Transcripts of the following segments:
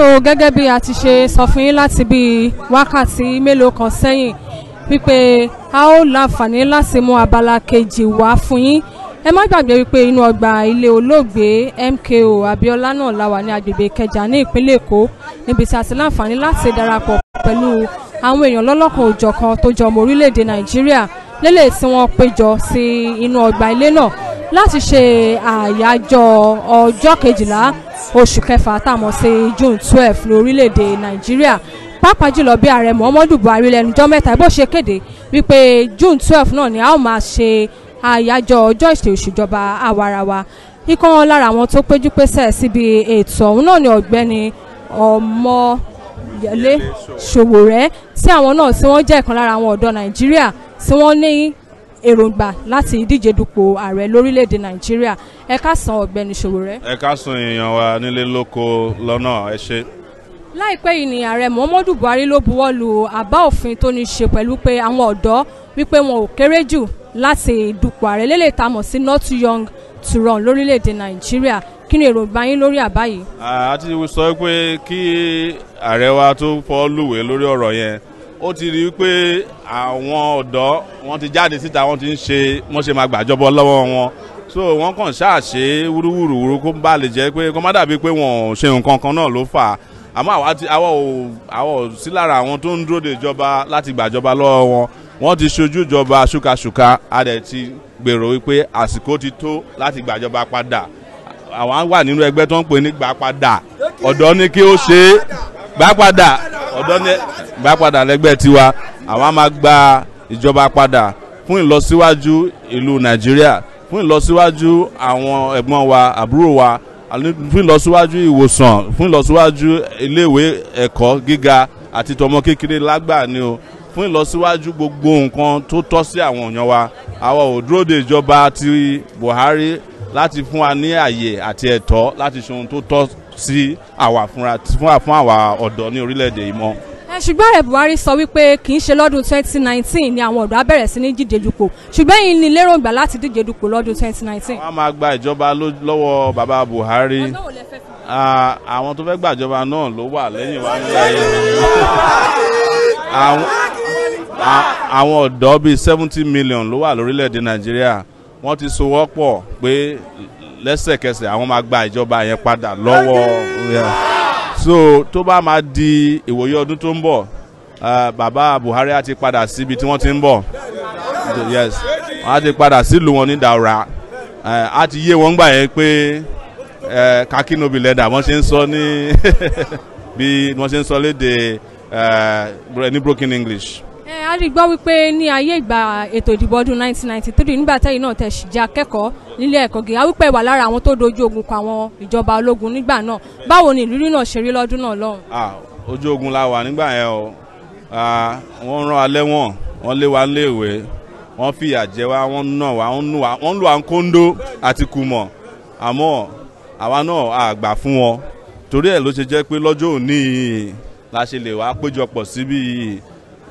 so gẹ́gẹ́ bí a ti ṣe sọ fún yín láti bí wákàtí mélòó kan sẹ́yìn wípé a ó láǹfààní láti mú abala kejì wá fún yín ẹ má gbàgbé wípé inú ọgbà ilé olóògbé MKO Abiola náà la wà ní agbègbè Ìkẹjà ní ìpínlẹ̀ Èkó níbi tí a ti láǹfààní láti darapọ̀ pẹ̀lú àwọn èèyàn lọ́lọ́kan òjọ̀kan tó jọ ọmọ orílẹ̀-èdè Nàìjíríà lélẹ̀ tí wọ́n péjọ sí inú ọgbà ilé náà láti ṣe àyájọ́ ọjọ́ kejìlá oṣù kẹfà táwọn ṣe june twelve ní orílẹ̀-èdè nàìjíríà pàápàá jùlọ bí ààrẹ muhammadu buhari lẹ́nujọ́ mẹ́ta bó ṣe kéde wípé june twelve náà ni a ó máa ṣe àyájọ́ ọjọ́ ìṣe òṣùjọba àwarawa ikán lára àwọn tó péjú pésẹ̀ síbi ètò ọ̀hún náà ni ọ̀gbẹ́ni ọmọ yẹlé ṣòwòrẹ́ tí àwọn náà tí wọ́n jẹ́ ìkan lára àwọn ọ̀dọ́ nàìjíríà tí wọ́n ní èròǹgbà láti díje dupò ààrẹ lórílẹ̀‐èdè nàìjíríà ẹ káàsán ọ̀gbẹ́ni ṣòwòrẹ́. ẹ káàsán èèyàn wa nílé lóko lọ́nà ẹ ṣe. láìpẹ́ yìí ni ààrẹ muhammadu buhari ló buwọ́ lu àbá òfin tó ní í ṣe pẹ̀lú pé àwọn ọ̀dọ́ wípé wọn ò kéré jù láti dupò ààrẹ lélẹ̀ tá a mọ̀ sí not young to run lórílẹ̀‐èdè nàìjíríà kí ni èròǹgbà yín lórí àbá yìí. a ti sọ pé kí ààrẹ wa tó fọ́ lùwẹ̀ lórí ọ̀rọ̀ yẹn ó ti rí i pé àwọn ọ̀dọ́ wọn ti jáde síta wọn ti ń ṣe wọ́n ṣe máa gbàjọbọ lọ́wọ́ wọn so wọ́n kàn ṣàṣe wúrúwúrúwúrú kó bá lè jẹ́ pé kó má dàbí pé wọ́n ṣe nǹkan kan náà ló fà á àmọ́ àwa ti àwọ̀ ò sí lára àwọn tó ń dúró de ìjọba láti gbàjọba lọ́wọ́ wọn wọ́n ti ṣojú ìjọba ṣúkaṣùka a dẹ̀ ti gbèrò wípé àsìkò ti tó láti gbàjọba padà àwa wà nínú ẹgbẹ́ tó ń pè ní gbàpadà ọ̀dọ́ ní kí ó ṣe gbàpadà ọ̀dọ́ ní gbà padà lẹ́gbẹ́ tiwa àwa máa gba ìjọba padà fún ìlọsíwájú ìlú nàìjíríà fún ìlọsíwájú àwọn ẹ̀gbọ́n wa àbúrò wa fún ìlọsíwájú ìwòsàn fún ìlọsíwájú iléèwé ẹ̀kọ́ gíga àti tọmọ kékeré lágbà ni o fún ìlọsíwájú gbogbo nǹkan tó tọ́ sí àwọn èèyàn wa àwa ò dúró de ìjọba ti buhari láti fún wa ní àyè àti ẹ̀tọ́ láti ṣe ohun tó tọ́ sí àwa fúnra fún àwa ọ̀dọ́ ní orílẹ̀-èdè yìí mọ́ ṣùgbọ́n ààrẹ Buhari sọ wípé kì í ṣe lọ́dún 2019 ni àwọn ọ̀dọ́ á bẹ̀rẹ̀ sí ní díje dupò ṣùgbọ́n yìí ni lérògbà láti díje dupò lọ́dún 2019. wọ́n máa gba ìjọba lọ́wọ́ bàbá Buhari àwọn tó fẹ́ gbàjọba náà ló wà lẹ́yìn wa nílẹ̀ àwọn ọ̀dọ́ bíi seventy million ló wà lórílẹ̀‐èdè Nàìjíríà wọ́n ti sowọ́pọ̀ pé lẹ́sẹ̀kẹsẹ̀ àwọn máa gba ìjọba yẹn padà lọ́wọ́. Yeah so tó bá máa di ìwòye ọdún tó ń bọ̀ bàbá Buhari á ti padà síbi tí wọ́n ti ń bọ̀ yes wọ́n á ti padà sílùú wọn ní Daura á ti yé wọn gbà yẹn pé kakinobi lẹ́dà wọ́n ṣe ń sọ ní bí wọ́n ṣe ń sọ léde ní broken English ẹ a rí gbọ́ wípé ní ayé ìgbà ètò ìdìbò ọdún 1993 nígbà tẹ́yìn náà tẹ̀ sì jẹ́ akẹ́kọ̀ọ́ nílé ẹ̀kọ́ gíga wípé wà lára àwọn tó dojú ogun kọ àwọn ìjọba ológun nígbà náà báwo ni ìrírí náà ṣe rí lọ́dún náà lọ́hùn. ojú ogun la wà nígbà yẹn o wọ́n rán alẹ́ wọn wọ́n lé wa léèwé wọ́n fìyà jẹ wa wọ́n nà wa wọ́n lù à ń kóńdó àti kùmọ̀ àmọ́ àwa náà àgbà fún wọn torí ẹ̀ ló ṣe jẹ́ pé lọ́jọ́ òní la ṣe lè wá péjọpọ̀ síbí yìí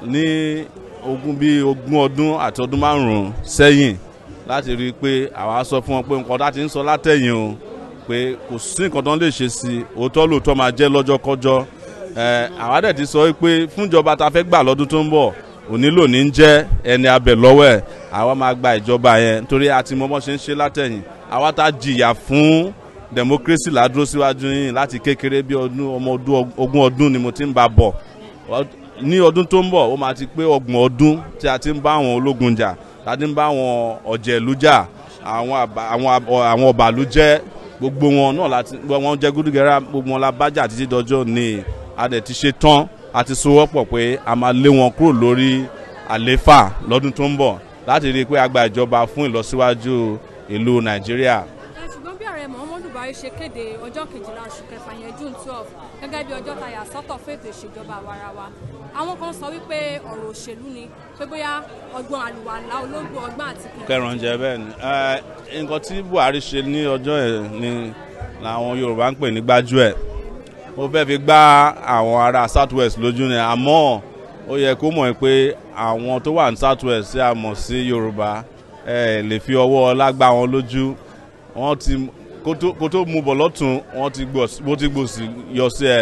ní ogún bíi ogún ọdún àti ọdún márùn-ún sẹ́yìn láti rí i pé àwa sọ fún wọn pé nǹkan láti ń sọ látẹ̀yìn o pé kò sí nǹkan tó ń lè ṣe sí i òótọ́ lóòótọ́ máa jẹ́ lọ́jọ́kọ́jọ́ àwa dẹ̀ ti sọ pé fúnjọba ta fẹ́ gbà lọ́dún tó ń bọ̀ onílò ní ń jẹ́ ẹni abẹ lọ́wọ́ ẹ̀ àwa máa gba ìjọba yẹn nítorí a ti mọ bọ́n ṣe ń ṣe látẹ̀yìn àwa ta jìyà fún democracy ládúró síwájú yìí láti kékeré bí ọdún ọmọ ogún ọdún ni mo ti ń bá bọ̀ ní ọdún tó ń bọ̀ ó máa ti pé ọgbọ̀n ọdún tí a ti ń bá àwọn ológun jà tá a ti ń bá àwọn ọ̀jẹ̀lú jà àwọn ọ̀bàlú jẹ́ gbogbo wọn náà láti wọn jẹ́ gúdúgẹ́rà gbogbo wọn la bá jà títí dọjọ́ ní a dẹ̀ ti ṣe tán a ti sowọ́pọ̀ pé a máa lé wọn kúrò lórí àlééfà lọ́dún tó ń bọ̀ láti rí i pé a gba ìjọba fún ìlọsíwájú ìlú Nàìjíríà buhari ṣe kéde ọjọ́ kejìlá oṣù kẹfà yẹn june twelve gẹ́gẹ́ bí ọjọ́ tayà sọ́tọ̀ fètò ìṣèjọba àwarawa àwọn kan sọ wípé ọ̀rọ̀ òṣèlú ni pé bóyá ọgbọ́n àlùwàlá ológun ọgbọ́n àti kẹrin. kẹrin jẹ bẹ́ẹ̀ ni nǹkan tí buhari ṣe ní ọjọ́ yẹn ni làwọn yorùbá ń pè ní gbájúẹ̀ ó fẹ́ fi gbá àwọn ará south west lójú ni àmọ́ ó yẹ kó mọ̀ pé àwọn tó wà ní south west tí a mọ̀ sí yorùbá ẹ lè fi ọwọ́ ọlá gbá wọn lójú wọ́n ti kó tó mú bọ̀ lọ́tún wọ́n ti gbò sí yọ sí ẹ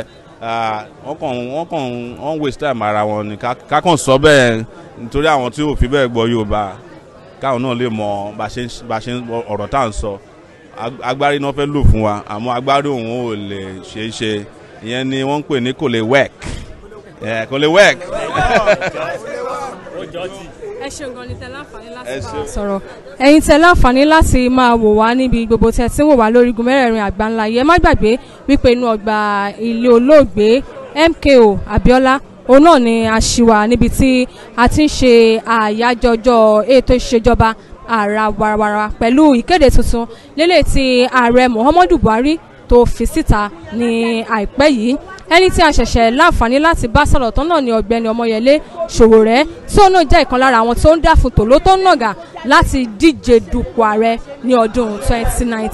wọ́n kàn wọ́n kàn wọ́n waste time ara wọn ni ká kàn sọ bẹ́ẹ̀ nítorí àwọn tí ò fi bẹ́ẹ̀ gbọ́ Yorùbá káwọn náà lè mọ bá ṣe ọ̀rọ̀ tá à ń sọ agbárí náà fẹ́ lò fún wa àmọ́ agbárí òun ò lè ṣe é ṣe ìyẹn ni wọ́n ń pè ní kò lè work kò lè work. ẹ ṣeun gan ni tẹ láǹfààní láti bá a sọ̀rọ̀ ẹ̀yin tẹ láǹfààní láti máa wò wá níbi gbogbo tẹ tí ń wò wá lórí igun mẹ́rẹ̀ẹ̀rin àgbáńlá yẹ má gbàgbé wípé inú ọgbà ilé olóògbé MKO Abiola òun náà ni a ṣì wà níbi tí a ti ń ṣe àyájọ́ ọjọ́ ètò ìṣèjọba àrà warawara pẹ̀lú ìkéde tuntun lélẹ̀ tí ààrẹ Muhammadu Buhari tó fi síta ní àìpẹ́ yìí ẹni tí a ṣẹ̀ṣẹ̀ láǹfààní láti bá sọ̀rọ̀ tán náà ni ọ̀gbẹ́ni ọmọyẹlé ṣòwòrẹ́ tí òun náà jẹ́ ìkan lára àwọn tó ń dá tòló tó ń nàgà láti díje dupò ààrẹ ní ọdún 2019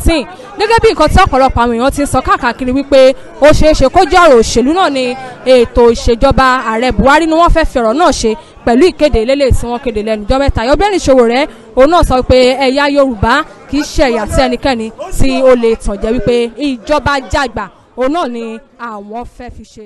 gẹ́gẹ́ bí nǹkan tí ọ̀pọ̀lọpọ̀ àwọn èèyàn ti sọ káàkiri wípé ó ṣeé ṣe kó jẹ́ ọ̀rọ̀ òṣèlú náà ni ètò ìṣèjọba ààrẹ Buhari ni wọ́n fẹ́ fi ọ̀rọ̀ náà ṣe pẹ̀lú ìkéde lélẹ̀ tí wọ́n kéde lẹ́nu ìjọba ẹ̀ta ọ̀gbẹ́ni Ṣòwòrẹ́ òun náà sọ pé ẹ̀yà Yorùbá kì í ṣe ẹ̀yà tí ẹnikẹ́ni tí ó lè tàn jẹ́ wípé ìjọba jàgbà òun náà ni àwọn fẹ́ fi ṣe.